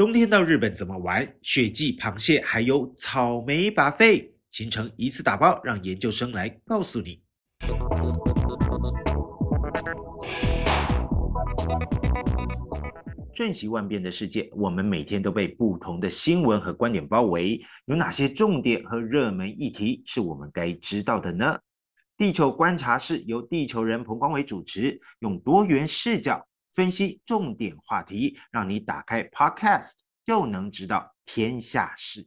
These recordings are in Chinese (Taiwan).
冬天到日本怎麼玩？雪祭螃蟹，還有草莓把費，行程一次打包，讓研究生來告訴你。瞬息萬變的世界，我們每天都被不同的新聞和觀點包圍。有哪些重點和熱門議題是我們該知道的呢？地球觀察室由地球人彭光偉主持，用多元視角。分析重點話題，讓你打開 Podcast 就能知道天下事。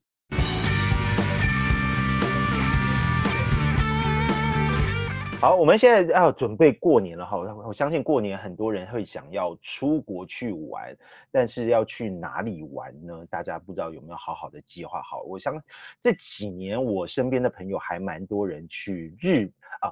好，我們現在要準備過年了哈，我相信過年很多人會想要出國去玩，但是要去哪裡玩呢？大家不知道有沒有好好的計劃好？我相，這幾年我身邊的朋友還蠻多人去日啊，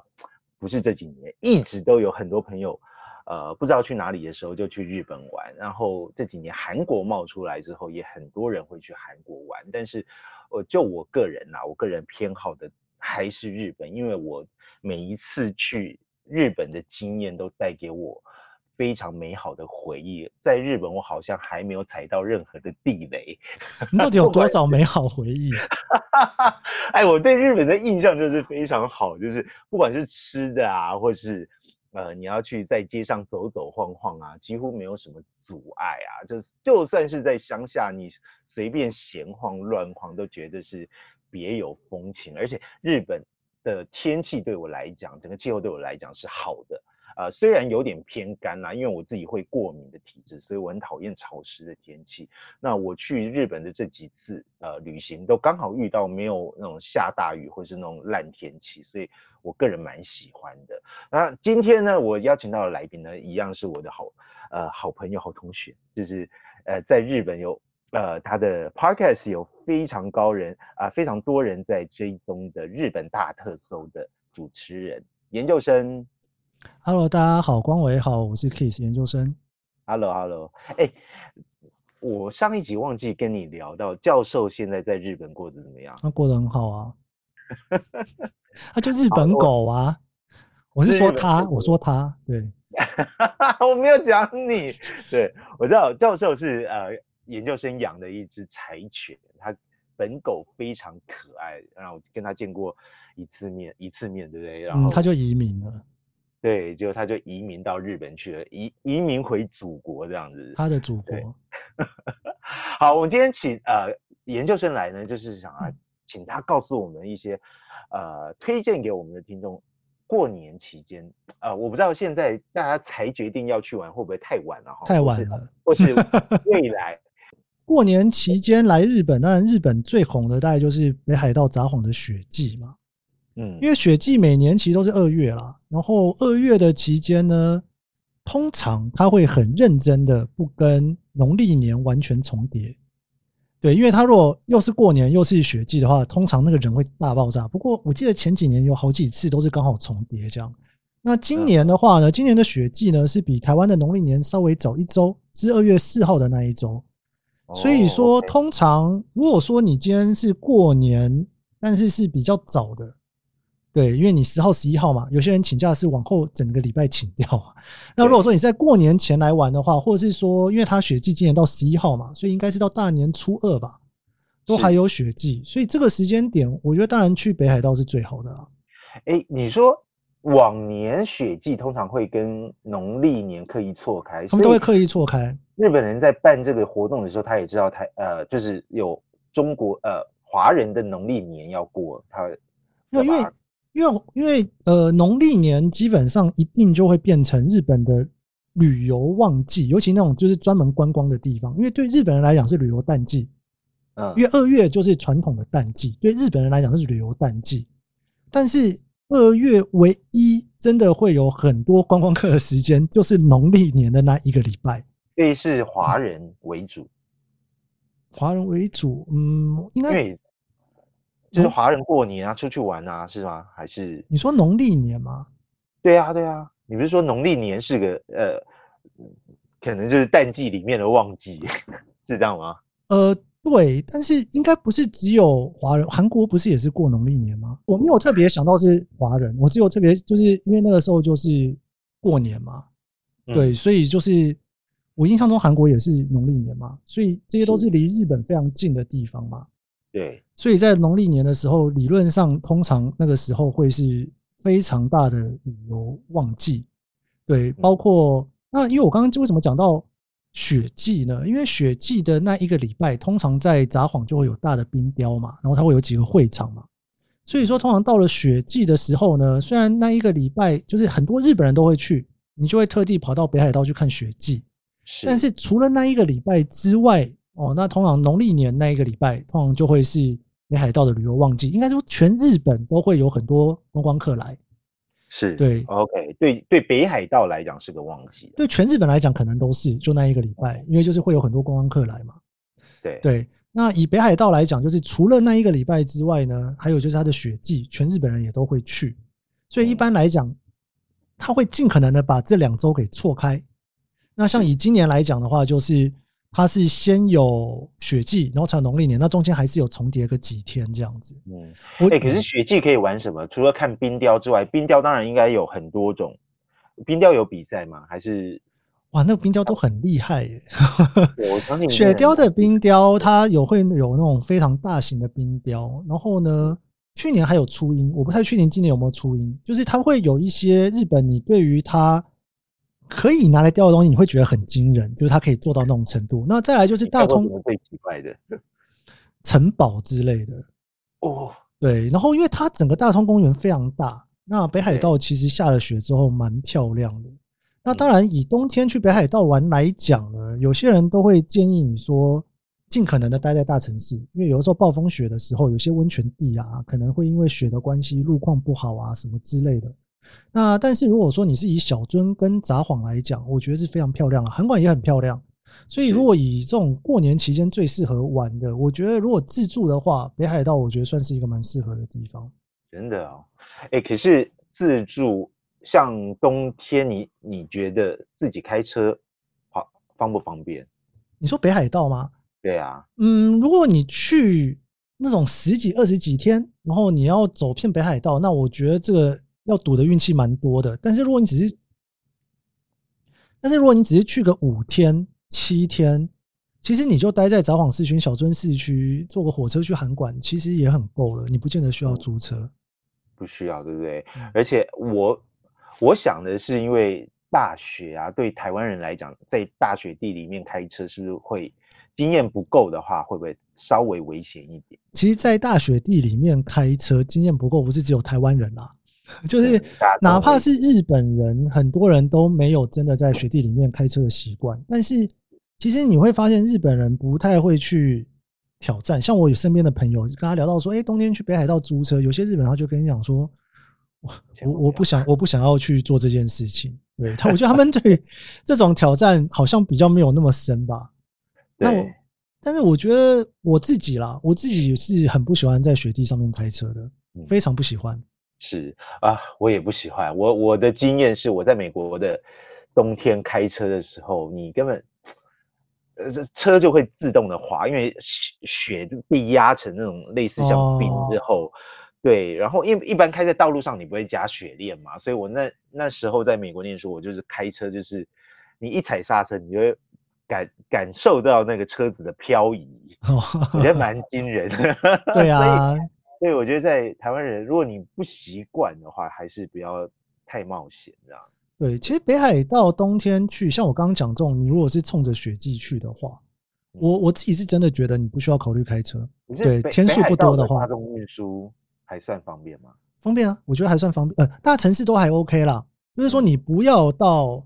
不是這幾年，一直都有很多朋友。呃，不知道去哪裡的時候，就去日本玩，然後這幾年韓國冒出來之後，也很多人會去韓國玩。但是，我就我個人啦，啊，我個人偏好的還是日本，因為我每一次去日本的經驗都帶給我非常美好的回憶。在日本，我好像還沒有踩到任何的地雷。你到底有多少美好回憶？ 哎，我對日本的印象就是非常好，就是不管是吃的啊，或是。呃，你要去在街上走走晃晃啊，幾乎沒有什麼阻礙啊，就是就算是在鄉下你晃晃，你隨便閒晃亂晃都覺得是別有風情，而且日本的天氣對我來講，整個氣候對我來講是好的。呃，雖然有點偏乾啦、啊，因為我自己會過敏的體質，所以我很討厭潮濕的天氣。那我去日本的這幾次呃旅行，都剛好遇到沒有那種下大雨或是那種爛天氣，所以我個人蠻喜歡的。那今天呢，我邀請到的來賓呢，一樣是我的好呃好朋友、好同學，就是呃在日本有呃他的 podcast 有非常高人啊、呃，非常多人在追蹤的日本大特搜的主持人研究生。Hello，大家好，光偉好，我是 Keith 研究生。Hello，Hello，hello，欸，我上一集忘記跟你聊到教授現在在日本過得怎麼樣？他過得很好啊， 他就日本狗啊，我是說他， 我是說他，我說他，對， 我沒有講你，對，我知道教授是呃研究生養的一隻柴犬，他本狗非常可愛，然後我跟他見過一次面，一次面對不對？然後，嗯，他就移民了。對，就他就移民到日本去了，移移民回祖國這樣子。他的祖國。 好，我們今天請呃研究生來呢，就是想啊，請他告訴我們一些，呃，推薦給我們的聽眾，過年期間，呃，我不知道現在大家才決定要去玩，會不會太晚了哈？太晚了，或是， 或是未來過年期間來日本，當然日本最紅的大概就是北海道札幌的雪祭嘛。嗯，因為雪季每年其實都是二月啦，然後二月的期間呢，通常他會很認真的不跟農曆年完全重疊，對，因為他若又是過年又是雪季的話，通常那個人會大爆炸。不過我記得前幾年有好幾次都是剛好重疊這樣。那今年的話呢，今年的雪季呢是比台灣的農曆年稍微早一周，是二月四號的那一周。所以說，通常如果說你今天是過年，但是是比較早的。對，因為你十號、十一號嘛，有些人請假是往後整個禮拜請掉。那如果說你在過年前來玩的話，或者是說，因為他雪祭今年到十一號嘛，所以應該是到大年初二吧，都還有雪祭。所以這個時間點，我覺得當然去北海道是最好的啦。哎，你說往年雪祭通常會跟農曆年刻意錯開，他們都會刻意錯開。日本人在辦這個活動的時候，他也知道他呃，就是有中國呃華人的農曆年要過，他因為。因為因為呃，農曆年基本上一定就會變成日本的旅遊旺季，尤其那種就是專門觀光的地方。因為對日本人來講是旅遊淡季，嗯，因為二月就是傳統的淡季，對日本人來講是旅遊淡季。但是二月唯一真的會有很多觀光客的時間，就是農曆年的那一個禮拜。所以是華人為主。嗯，華人為主，嗯，應該。哦、就是華人過年啊，出去玩啊，是嗎？還是你說農曆年嗎？對啊，對啊。你不是說農曆年是個呃，可能就是淡季裡面的旺季，是這樣嗎？呃，對，但是應該不是只有華人，韓國不是也是過農曆年嗎？我沒有特別想到是華人，我只有特別就是因為那個時候就是過年嘛，對，嗯、所以就是我印象中韓國也是農曆年嘛，所以這些都是離日本非常近的地方嘛。對，所以在農曆年的時候，理論上通常那個時候會是非常大的旅遊旺季，對，包括那因為我剛剛為什麼講到雪祭呢？因為雪祭的那一個禮拜，通常在札幌就會有大的冰雕嘛，然後它會有幾個會場嘛，所以說通常到了雪祭的時候呢，雖然那一個禮拜就是很多日本人都會去，你就會特地跑到北海道去看雪祭，但是除了那一個禮拜之外。哦，那通常農曆年那一個禮拜，通常就會是北海道的旅遊旺季。應該說，全日本都會有很多觀光客來。是，對，OK，對對，北海道來講是個旺季啊。對全日本來講可能都是，就那一個禮拜，因為就是會有很多觀光客來嘛。嗯、對對，那以北海道來講，就是除了那一個禮拜之外呢，還有就是它的雪季，全日本人也都會去。所以一般來講，他、嗯、會盡可能的把這兩周給錯開。那像以今年來講的話，就是。它是先有雪季，然後才有農曆年，那中間還是有重疊個幾天這樣子。嗯，哎、欸嗯，可是雪季可以玩什麼？除了看冰雕之外，冰雕當然應該有很多種。冰雕有比賽嗎？還是哇，那個冰雕都很厲害、欸。我講你， 雪雕的冰雕它有會有那種非常大型的冰雕，然後呢，去年還有初音，我不太去年今年有沒有初音，就是它會有一些日本，你對於它。可以拿來釣的東西，你會覺得很驚人，就是它可以做到那種程度。那再來就是大通會奇怪的城堡之類的哦，對。然後因為它整個大通公園非常大，那北海道其實下了雪之後蠻漂亮的。那當然以冬天去北海道玩來講呢，有些人都會建議你說盡可能的待在大城市，因為有的時候暴風雪的時候，有些溫泉地啊可能會因為雪的關係路況不好啊什麼之類的。那但是如果說你是以小樽跟札幌來講，我覺得是非常漂亮的。函館也很漂亮。所以如果以這種過年期間最適合玩的，我覺得如果自助的話，北海道我覺得算是一個蠻適合的地方。真的啊，誒，可是自助像冬天，你你覺得自己開車好方不方便？你說北海道嗎？對啊，嗯，如果你去那種十幾二十幾天，然後你要走遍北海道，那我覺得這個。要賭的運氣蠻多的，但是如果你只是，但是如果你只是去個五天七天，其實你就待在札幌市區、小樽市區，坐個火車去函館，其實也很夠了。你不見得需要租車，不，不需要，對不對？嗯，而且我我想的是，因為大雪啊，對台灣人來講，在大雪地裡面開車，是不是會經驗不夠的話，會不會稍微危險一點？其實，在大雪地裡面開車經驗不夠，不是只有台灣人啊。就是，哪怕是日本人，很多人都沒有真的在雪地裡面開車的習慣。但是，其實你會發現日本人不太會去挑戰。像我有身邊的朋友，跟他聊到說，誒，冬天去北海道租車，有些日本人他就跟你講說，我我不想，我不想要去做這件事情。對他，我覺得他們對這種挑戰好像比較沒有那麼深吧。但我，但是我覺得我自己啦，我自己也是很不喜歡在雪地上面開車的，非常不喜歡。是啊，我也不喜歡。我我的經驗是，我在美國的冬天開車的時候，你根本，呃，車就會自動的滑，因為雪被壓成那種類似像冰之後，oh. 對。然後一，因一般開在道路上，你不會加雪鏈嘛，所以我那那時候在美國念書，我就是開車，就是你一踩剎車，你就會感感受到那個車子的漂移，oh. 我覺得蠻驚人的。 對啊。 所以所以，我覺得在台灣人，如果你不習慣的話，還是不要太冒險這樣。對，其實北海道冬天去，像我剛剛講這種，你如果是衝着雪季去的話，嗯。我我自己是真的覺得你不需要考慮開車。對，天數不多的話，北海道的大眾運輸還算方便嗎？方便啊，我覺得還算方便。呃，大城市都還 OK 啦，就是說你不要到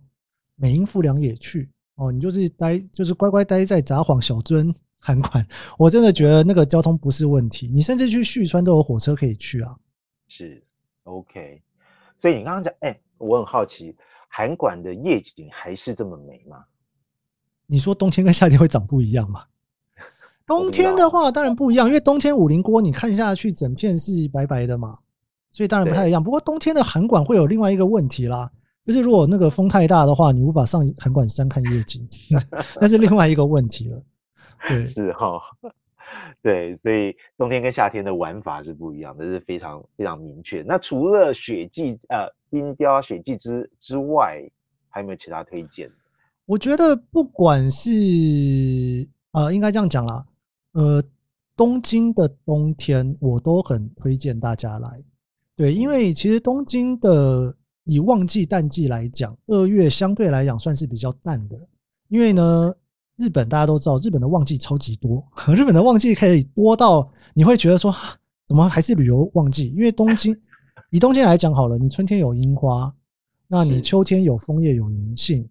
美瑛富良野去哦，你就是待，就是乖乖待在札幌小樽。函館，我真的覺得那個交通不是問題。你甚至去旭川都有火車可以去啊。是，OK。所以你剛剛講，哎，我很好奇，函館的夜景還是這麼美嗎？你說冬天跟夏天會長不一樣嗎？冬天的話，當然不一樣，因為冬天五稜郭你看下去，整片是白白的嘛，所以當然不太一樣。不過冬天的函館會有另外一個問題啦，就是如果那個風太大的話，你無法上函館山看夜景，那 是另外一個問題了。是哈、哦，對，所以冬天跟夏天的玩法是不一樣，這是非常非常明確。那除了雪季、呃，冰雕、雪季之之外，還有沒有其他推薦？我覺得不管是啊、呃，應該這樣講啦，呃，東京的冬天我都很推薦大家來，對，因為其實東京的以旺季淡季來講，二月相對來講算是比較淡的，因為呢。嗯日本大家都知道，日本的旺季超級多。呵呵，日本的旺季可以多到你會覺得說，啊、怎麼還是旅遊旺季？因為東京，以東京來講好了，你春天有櫻花，那你秋天有楓葉、有銀杏，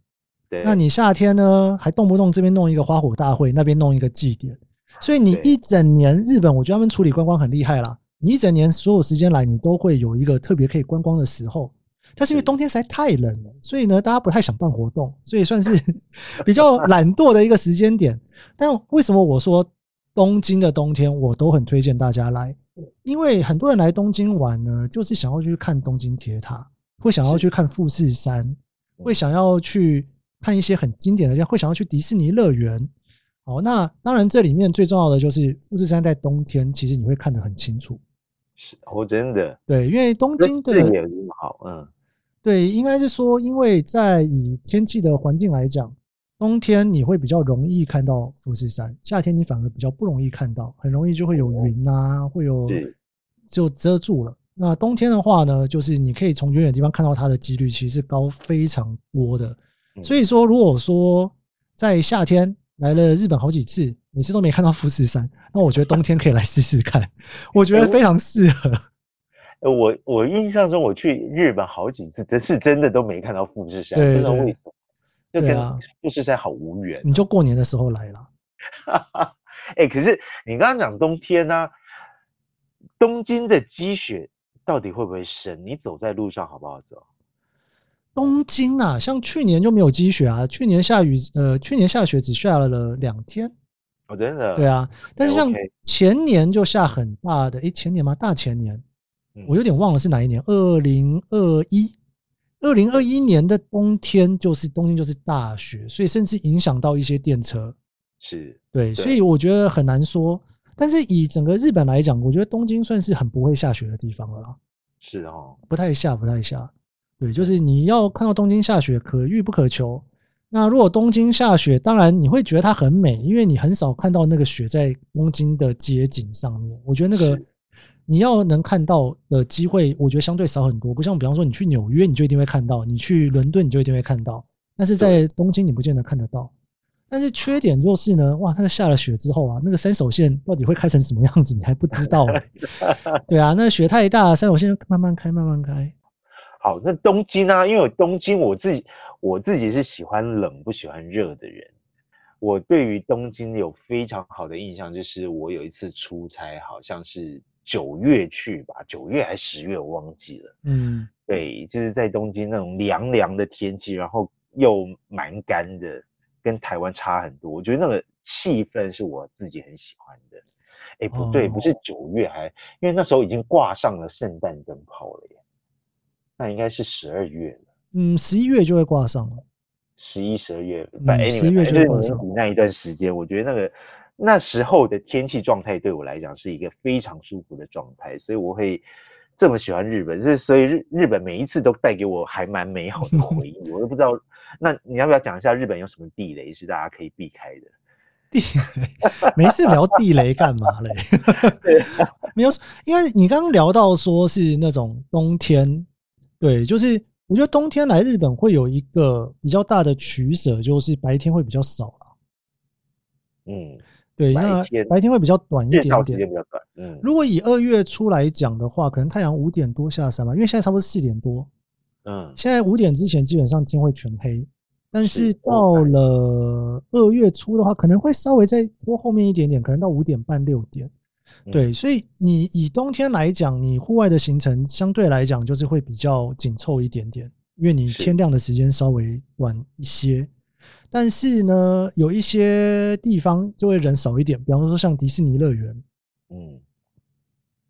對，那你夏天呢還動不動這邊弄一個花火大會，那邊弄一個祭典，所以你一整年日本，我覺得他們處理觀光很厲害啦，你一整年所有時間來，你都會有一個特別可以觀光的時候。但是因為冬天實在太冷了，所以呢，大家不太想辦活動，所以算是比較懶惰的一個時間點。但為什麼我說東京的冬天我都很推薦大家來？因為很多人來東京玩呢，就是想要去看東京鐵塔，會想要去看富士山，會想要去看一些很經典的，會想要去迪士尼樂園。好，那當然這裡面最重要的就是富士山在冬天，其實你會看得很清楚。是哦，真的對，因為東京的視野好，嗯。對，應該是說，因為在以天氣的環境來講，冬天你會比較容易看到富士山，夏天你反而比較不容易看到，很容易就會有雲啊，會有就遮住了。那冬天的話呢，就是你可以從遠遠的地方看到它的幾率其實是高非常多的。所以說，如果說在夏天來了日本好幾次，每次都沒看到富士山，那我覺得冬天可以來試試看，我覺得非常適合。我我印象中我去日本好幾次，真是真的都沒看到富士山，對對對，不知道為什麼對、啊？就跟富士山好無緣、啊。你就過年的時候來了，哎、 欸，可是你剛剛講冬天呢、啊，東京的積雪到底會不會深？你走在路上好不好走？東京啊，像去年就沒有積雪啊，去年下雨，呃，去年下雪只下了了兩天，哦，真的。對啊，但是像前年就下很大的，哎、哦 okay，前年嗎？大前年。我有點忘了是哪一年，二零二一，二零二一年的冬天就是東京就是大雪，所以甚至影響到一些電車。是，對，所以我覺得很難說。但是以整個日本來講，我覺得東京算是很不會下雪的地方了。是啊、哦，不太下，不太下。對，就是你要看到東京下雪，可遇不可求。那如果東京下雪，當然你會覺得它很美，因為你很少看到那個雪在東京的街景上面。我覺得那個。你要能看到的機會，我覺得相對少很多。不像比方說你去紐約，你就一定會看到；你去倫敦，你就一定會看到。但是在東京，你不見得看得到。但是缺點就是呢，哇，那個下了雪之後啊，那個山手線到底會開成什麼樣子，你還不知道。 對啊，那雪太大了，山手線慢慢開，慢慢開。好，那東京呢、啊？因為我東京，我自己我自己是喜歡冷不喜歡熱的人。我對於東京有非常好的印象，就是我有一次出差，好像是。九月去吧，九月還是十月，我忘記了。嗯，對，就是在東京那種涼涼的天氣，然後又蠻乾的，跟台灣差很多。我覺得那個氣氛是我自己很喜歡的。誒、欸、不對，哦、不是九月還，因為那時候已經掛上了聖誕燈泡了耶。那應該是十二月了。嗯，十一月就會掛上了。十一、十二月，哎、嗯，十、欸、一月就會掛上了、就是年底那一段時間，我覺得那個。那時候的天氣狀態對我來講是一個非常舒服的狀態，所以我會這麼喜歡日本。所以日日本每一次都帶給我還蠻美好的回憶。 我都不知道，那你要不要講一下日本有什麼地雷是大家可以避開的？地雷？沒事，聊地雷幹嘛嘞？沒有，因為你剛剛聊到說是那種冬天，對，就是我覺得冬天來日本會有一個比較大的取舍，就是白天會比較少了。嗯。對啊，那白天會比較短一點一點，嗯，如果以二月初來講的話，可能太陽五點多下山嘛，因為現在差不多四點多。嗯，現在五點之前基本上天會全黑，但是到了二月初的話，可能會稍微再多後面一點點，可能到五點半六點。對，所以你以冬天來講，你戶外的行程相對來講就是會比較緊湊一點點，因為你天亮的時間稍微晚一些。但是呢，有一些地方就會人少一點，比方說像迪士尼樂園，嗯，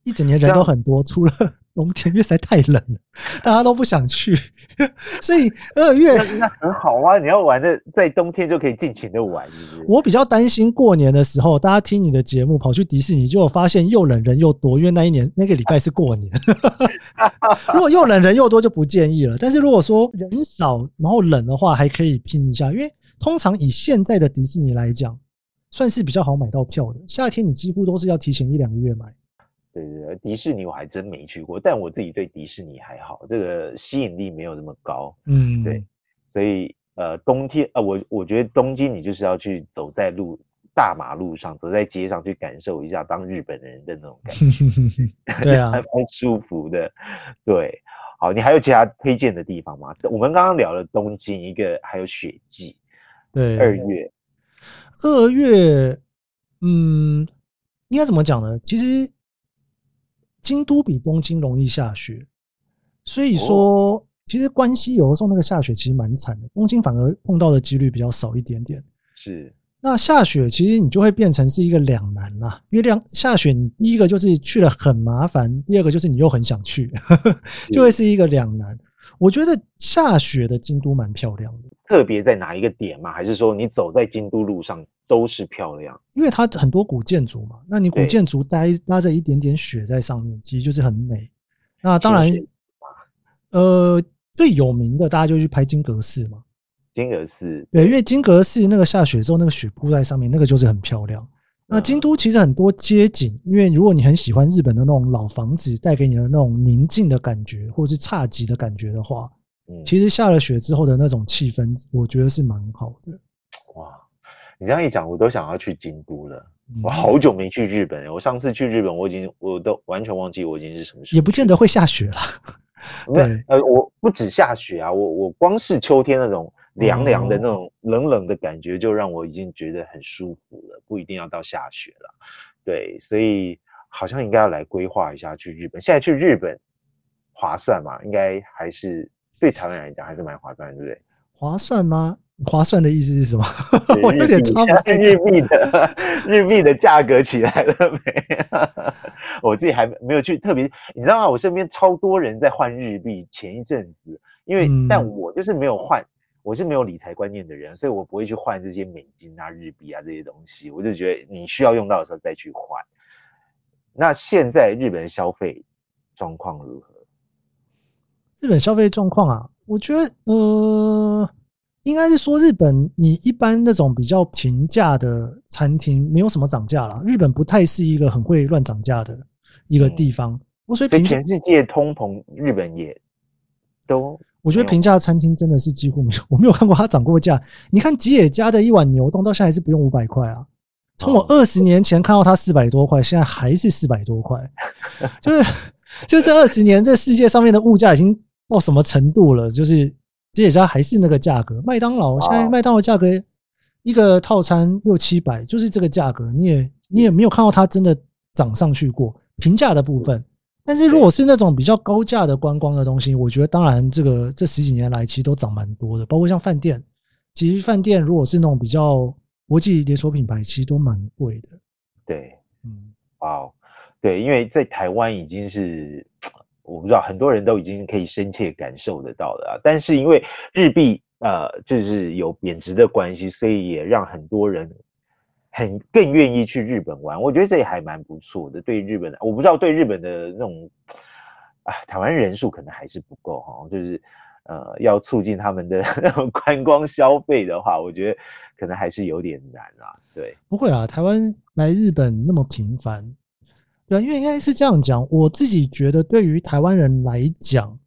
一整年人都很多，除了冬天，因為實在太冷了，大家都不想去。 所以二月那，那很好啊，你要玩的在冬天就可以盡情的玩。我比較擔心過年的時候，大家聽你的節目跑去迪士尼，就有發現又冷人又多，因為那一年那個禮拜是過年。 如果又冷人又多就不建議了，但是如果說人少然後冷的話，還可以拼一下，因為。通常以現在的迪士尼來講，算是比較好買到票的。夏天你幾乎都是要提前一兩個月買。對對對，迪士尼我還真沒去過，但我自己對迪士尼還好，這個吸引力沒有那麼高。嗯，對。所以呃，冬天啊、呃，我我覺得東京你就是要去走在路大馬路上，走在街上去感受一下當日本人的那種感覺， 對啊，還蠻舒服的。對，好，你還有其他推薦的地方嗎？我們剛剛聊了東京一個，還有雪祭。對，二月，二月，嗯，應該怎麼講呢？其實京都比東京容易下雪，所以說，其實關西有的時候那個下雪其實蠻慘的，東京反而碰到的幾率比較少一點點。是，那下雪其實你就會變成是一個兩難啦，因為兩，下雪，你第一個就是去了很麻煩，第二個就是你又很想去，呵呵， 就會是一個兩難。我覺得下雪的京都蠻漂亮的，特別在哪一個點嘛？還是說你走在京都路上都是漂亮？因為它很多古建築嘛，那你古建築搭搭着一點點雪在上面，其實就是很美。那當然，呃，最有名的大家就去拍金閣寺嘛，金閣寺。對，因為金閣寺那個下雪之後，那個雪鋪在上面，那個就是很漂亮。那京都其實很多街景，因為如果你很喜歡日本的那種老房子帶給你的那種寧靜的感覺，或者是侘寂的感覺的話，其實下了雪之後的那種氣氛，我覺得是蠻好的、嗯。哇，你這樣一講，我都想要去京都了。我好久沒去日本了、欸，我上次去日本，我已經我都完全忘記我已經是什麼時候。也不見得會下雪啦。 對，呃，我不止下雪啊，我我光是秋天那種。涼涼的那種冷冷的感覺，就讓我已經覺得很舒服了，不一定要到下雪了。對，所以好像應該要來規劃一下去日本。現在去日本划算嗎？應該還是對台灣人來講還是蠻划算的，對不對？划算嗎？划算的意思是什麼？我有點超不日幣的，日幣的價格起來了沒？我自己還沒有去特別，你知道嗎？我身邊超多人在換日幣，前一陣子，因為、嗯、但我就是沒有換。我是沒有理財觀念的人，所以我不會去換這些美金啊、日幣啊這些東西。我就覺得你需要用到的時候再去換。那現在日本消費狀況如何？日本消費狀況啊，我覺得呃，應該是說，日本你一般那種比較平價的餐廳沒有什麼漲價啦。日本不太是一個很會亂漲價的一個地方，嗯、所以對全世界通膨，日本也都。我覺得平價餐廳真的是幾乎沒有，我沒有看過它漲過價。你看吉野家的一碗牛丼，到現在還是不用五百塊啊！從我二十年前看到它四百多塊，現在還是四百多塊，就是就這二十年這世界上面的物價已經到什麼程度了？就是吉野家還是那個價格，麥當勞現在麥當勞價格一個套餐六七百，就是這個價格，你也你也沒有看到它真的漲上去過。平價的部分。但是如果是那種比較高價的觀光的東西，我覺得當然這個這十幾年來其實都漲蠻多的，包括像飯店，其實飯店如果是那種比較國際連鎖品牌，其實都蠻貴的。對，嗯，哦，對，因為在台灣已經是我不知道很多人都已經可以深切感受得到的啊，但是因為日幣，呃，就是有貶值的關係，所以也讓很多人。很更願意去日本玩，我覺得這也還蠻不錯的。對日本，我不知道對日本的那種啊，台灣人數可能還是不夠哈。就是呃，要促進他們的那種觀光消費的話，我覺得可能還是有點難啊。對，不會啊，台灣來日本那麼頻繁，對，因為應該是這樣講。我自己覺得，對於台灣人來講，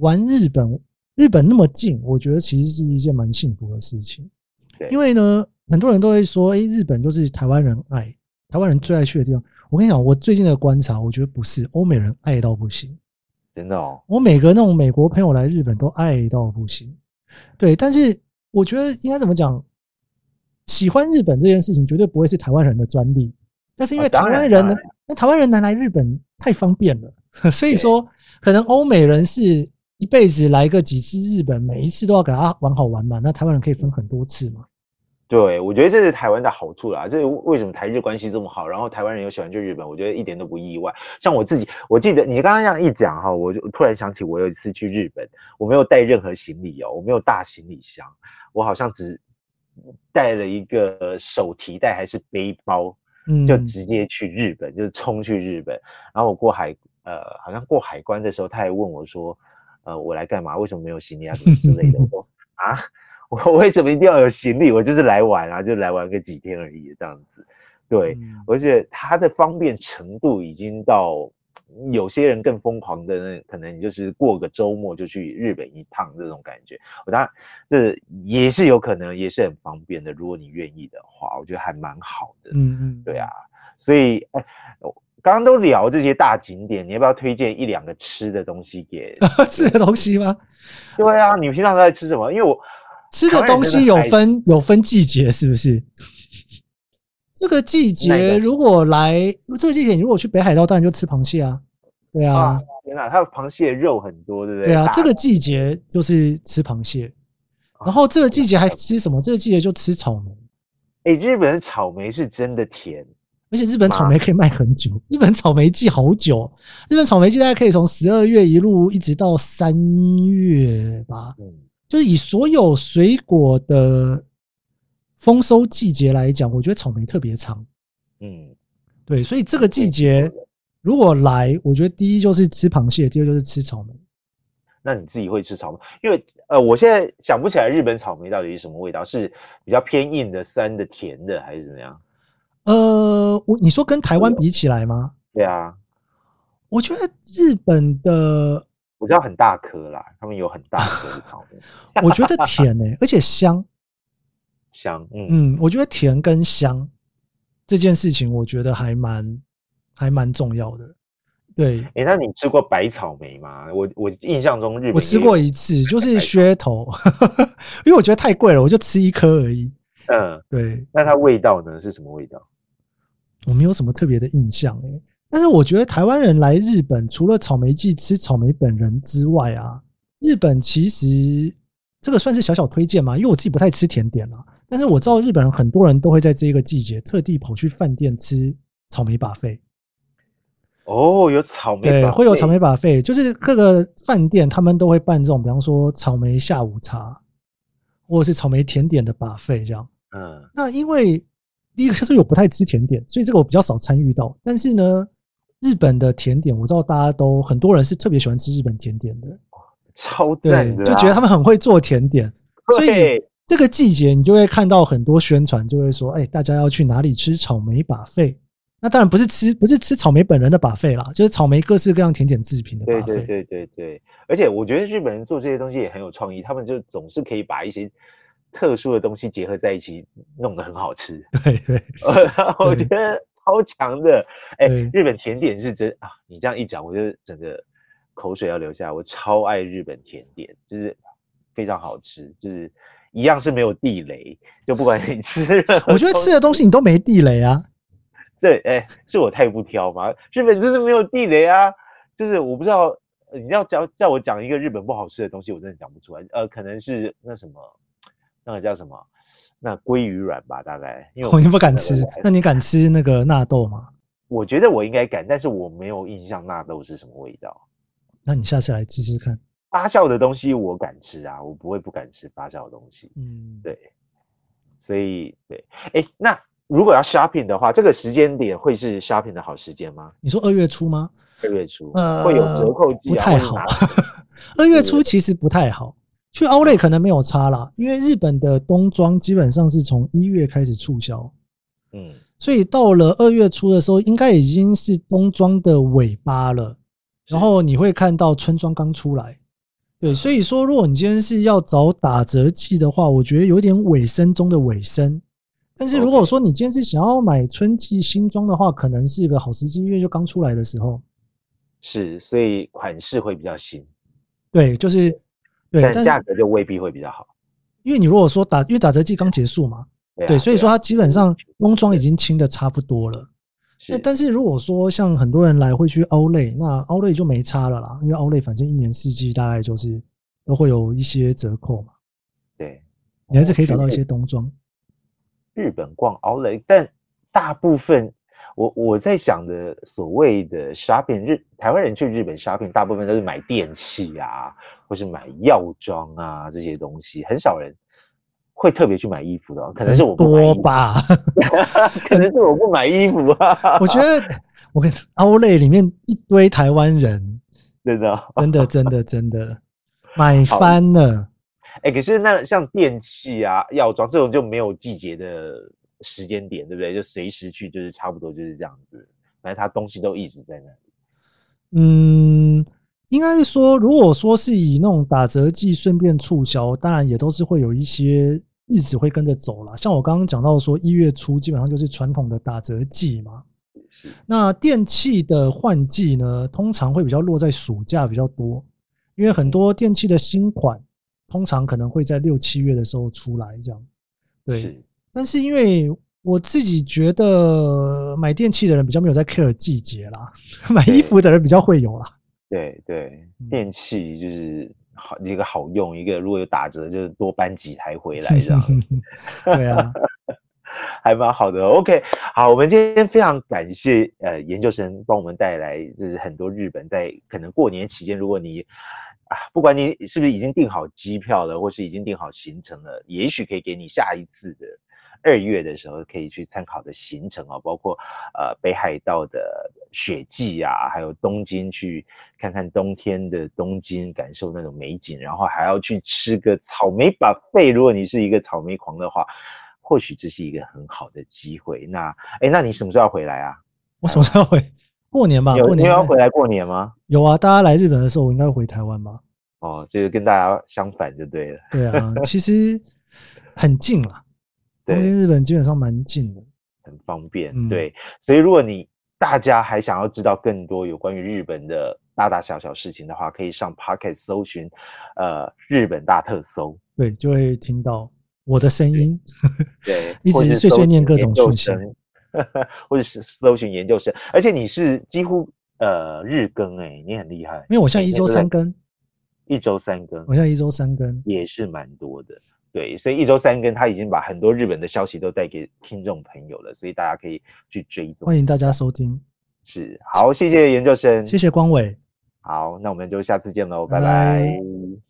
玩日本，日本那麼近，我覺得其實是一件蠻幸福的事情。對，因為呢。很多人都會說：“哎，日本就是台灣人愛，台灣人最愛去的地方。”我跟你講，我最近的觀察，我覺得不是歐美人愛到不行，真的哦。我每個那種美國朋友來日本都愛到不行，對。但是我覺得應該怎麼講？喜歡日本這件事情絕對不會是台灣人的專利，但是因為台灣人，那台灣人來日本太方便了，所以說可能歐美人是一輩子來個幾次日本，每一次都要給他玩好玩嘛。那台灣人可以分很多次嘛。對，我覺得這是台灣的好處啦啊！這為什麼台日關係這麼好，然後台灣人又喜歡去日本，我覺得一點都不意外。像我自己，我記得你剛剛這樣一講哈、哦，我就突然想起我有一次去日本，我沒有帶任何行李哦，我沒有大行李箱，我好像只帶了一個手提袋還是背包，就直接去日本，嗯、就是衝去日本。然後我過海，呃，好像過海關的時候，他還問我說：“呃，我來幹嘛？為什麼沒有行李啊？什麼之類的。我”我啊。 ”我為什麼一定要有行李？我就是來玩啊，就來玩個幾天而已，這樣子。對、嗯，而且它的方便程度已經到有些人更瘋狂的，那可能你就是過個周末就去日本一趟這種感覺。我當然這也是有可能，也是很方便的。如果你願意的話，我覺得還蠻好的。嗯嗯，對啊。所以，哎、欸，我剛剛都聊這些大景點，你要不要推薦一兩個吃的東西給 吃的東西嗎？對啊，你平常都在吃什麼？嗯、因為我。吃的東西有分有分季節，是不是？這個季節如果來，這個季節你如果去北海道，當然就吃螃蟹啊。對啊，天哪，它的螃蟹肉很多，對不對？對啊，這個季節就是吃螃蟹。然後這個季節還吃什麼？這個季節就吃草莓。哎，日本的草莓是真的甜，而且日本草莓可以賣很久。日本草莓季好久，日本草莓季大概可以從十二月一路一直到三月吧。就是以所有水果的豐收季節來講，我覺得草莓特別長。嗯，對，所以這個季節如果來，我覺得第一就是吃螃蟹，第二就是吃草莓。那你自己會吃草莓？因為呃，我現在想不起來日本草莓到底是什麼味道，是比較偏硬的、酸的、甜的，還是怎麼樣？呃，我你說跟台灣比起來嗎？嗯，對啊，我覺得日本的。我知道很大顆啦，他們有很大顆的草莓。 我覺得甜呢、欸，而且香香。嗯嗯，我覺得甜跟香這件事情，我覺得還蠻還蠻重要的。對，哎、欸，那你吃過白草莓嗎？我我印象中日本有，我吃過一次，就是噱頭， 因為我覺得太貴了，我就吃一顆而已。嗯，對。那它味道呢？是什麼味道？我沒有什麼特別的印象誒。但是我覺得台灣人來日本，除了草莓季吃草莓本人之外啊，日本其實這個算是小小推薦嘛，因為我自己不太吃甜點啦。但是我知道日本人很多人都會在這個季節特地跑去飯店吃草莓把費。哦，有草莓，對，會有草莓把費，就是各個飯店他們都會辦這種，比方說草莓下午茶，或者是草莓甜點的把費這樣。嗯，那因為第一個就是我不太吃甜點，所以這個我比較少參與到，但是呢。日本的甜點，我知道大家都很多人是特別喜歡吃日本甜點的，超讚，就覺得他們很會做甜點，所以這個季節你就會看到很多宣傳，就會說，哎、欸，大家要去哪裡吃草莓把費？那當然不是吃，不是吃草莓本人的把費啦，就是草莓各式各樣甜點製品的把費。對對對對對，而且我覺得日本人做這些東西也很有創意，他們就總是可以把一些特殊的東西結合在一起，弄得很好吃。對對，對， 我覺得。超強的，哎、欸，日本甜點是真啊！你這樣一講，我就整個口水要流下來。我超愛日本甜點，就是非常好吃，就是一樣是沒有地雷，就不管你吃任何東西。我覺得吃的東西你都沒地雷啊。對，哎、欸，是我太不挑嗎？日本真的沒有地雷啊，就是我不知道你要叫叫我講一個日本不好吃的東西，我真的講不出來。呃，可能是那什麼，那個叫什麼？那鮭魚卵吧，大概，因為我,我不敢吃。那你敢吃那個納豆嗎？我覺得我應該敢，但是我沒有印象納豆是什麼味道。那你下次來吃吃看。發酵的東西我敢吃啊，我不會不敢吃發酵的東西。嗯，對。所以，對，哎、欸，那如果要 shopping 的話，這個時間點會是 shopping 的好時間嗎？你說二月初嗎？二月初嗯、呃，會有折扣季、呃，不太好。二 月初其實不太好。去 Outlet 可能沒有差啦，因為日本的冬裝基本上是從一月開始促銷，嗯，所以到了二月初的時候，應該已經是冬裝的尾巴了。然後你會看到春裝剛出來，對，所以說如果你今天是要找打折季的話，我覺得有點尾聲中的尾聲。但是如果說你今天是想要買春季新裝的話，可能是一個好時機，因為就剛出來的時候。是，所以款式會比較新。對，就是。對，但價格就未必會比較好，因為你如果說打，因為打折季剛結束嘛對、啊，對，所以說它基本上冬裝已經清得差不多了。但是如果說像很多人來會去 outlet，那 outlet 就沒差了啦，因為 outlet 反正一年四季大概就是都會有一些折扣嘛。對，你還是可以找到一些冬裝。日本逛 outlet，但大部分。我我在想的所謂的 shopping 日，台灣人去日本 shopping，大部分都是買電器啊，或是買藥妝啊這些東西，很少人會特別去買衣服的，可能是我多吧，可能是我不買衣服吧。 我、啊 嗯 我、啊、我覺得我跟 au 類裡面一堆台灣人，真的真的真的真的買翻了。誒、欸、可是那像電器啊、藥妝這種就沒有季節的。時間點對不對？就隨時去，就是差不多就是這樣子。反正它東西都一直在那裡。嗯，應該是說，如果說是以那種打折季順便促銷，當然也都是會有一些日子會跟着走啦。像我剛剛講到說，一月初基本上就是傳統的打折季嘛。那電器的換季呢，通常會比較落在暑假比較多，因為很多電器的新款通常可能會在六七月的時候出來，這樣對。但是因為我自己覺得買電器的人比較沒有在 care 季節啦，買衣服的人比較會有啦。對對，對，電器就是好一個好用，一個如果有打折就是多搬幾台回來這樣。 對啊， 還蠻好的。OK，好，我們今天非常感謝呃研究生幫我們帶來，就是很多日本在可能過年期間，如果你啊不管你是不是已經訂好機票了，或是已經訂好行程了，也許可以給你下一次的。二月的時候可以去參考的行程哦，包括呃北海道的雪季啊，還有東京，去看看冬天的東京，感受那種美景，然後還要去吃個草莓把費。如果你是一個草莓狂的話，或許這是一個很好的機會。那哎、欸，那你什麼時候要回來啊？我什麼時候要回過年吧？有過年你要回來過年嗎？有啊，大家來日本的時候，我應該回台灣嗎？哦，這個跟大家相反就對了。對啊，其實很近啊。 對，因為日本基本上蠻近的，很方便，嗯。對，所以如果你大家還想要知道更多有關於日本的大大小小事情的話，可以上 Podcast 搜尋，呃，日本大特搜。對，就會聽到我的聲音。對，一直碎碎念各種事情。或者是搜尋研， 研究生，而且你是幾乎呃日更誒、欸，你很厲害。因為我現在一周三更，嗯。一周三更。我現在一周三更也是蠻多的。對，所以一周三更，他已經把很多日本的消息都帶給聽眾朋友了，所以大家可以去追蹤。歡迎大家收聽，是，好，謝謝研究生，謝謝光偉，好，那我們就下次見嘍，拜拜。拜拜。